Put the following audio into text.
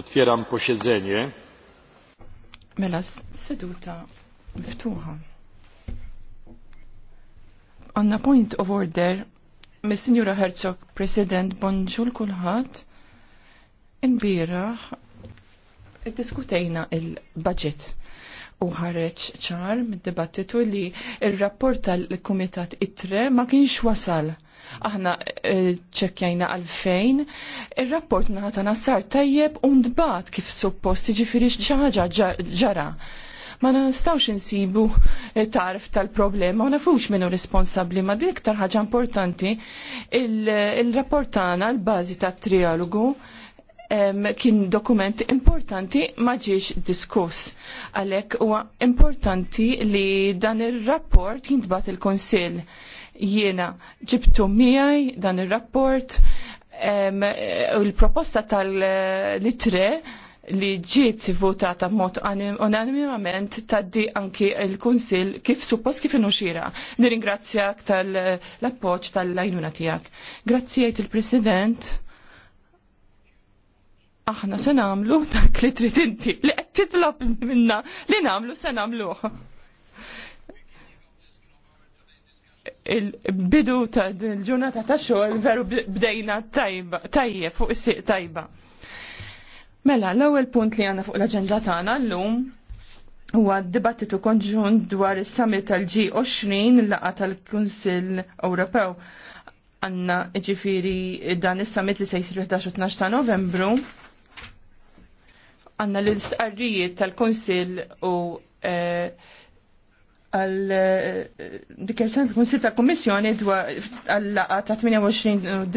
Otwieram posiedzenie. Mela seduta miftuħa. the point of order mis sinjura Herzog, President Bonġul kulħadd, imbiraħ diskutejna il-budget u ħareġ ċar mid debattitu li il-rapport tal-Kumitat ITRE ma kienx wasal Aħna eh, ċekkjajna għalfejn. Il-rapport naħta nasar tajjeb undbat kif suppost ġifiri ġaġa ġara. Ma nistawx insibu eh, tarf tal-problema, ma nafux minnu responsabli, ma dik ħaġa importanti il-rapportana l-bazi ta' trialogu kien dokument importanti ma ġiex diskuss. Għalek huwa importanti li dan ir rapport jintbat il-Konsil Jiena ġibtu miegħi dan ir-rapport u l-proposta tal-litre li ġiet votata mod unanimament taddi anki il-Kunsil kif suppost kif inuxira. Nirringrazzjak tal-appoċ tal-lajnuna tijak. Grazzijajt il-President. Aħna se namlu dak li trid inti li qed titlob minna li namlu se namluh. il-bidu ta' il-ġurnata ta' xogħol veru bdejna tajba, tajje fuq is-siq tajba. Mela, l-ewwel punt li għandna fuq l-aġenda tagħna llum huwa d-dibattitu konġunt dwar is-summit tal-G20 l-laqa tal-Kunsill Ewropew għanna ġifiri dan is-summit li se jsir 11-12 ta' Novembru għanna l-istqarrijiet tal-Kunsill u eh, għal eh, dikjerzjoni tal-Kunsil tal-Kommissjoni għal-laqa ta' 28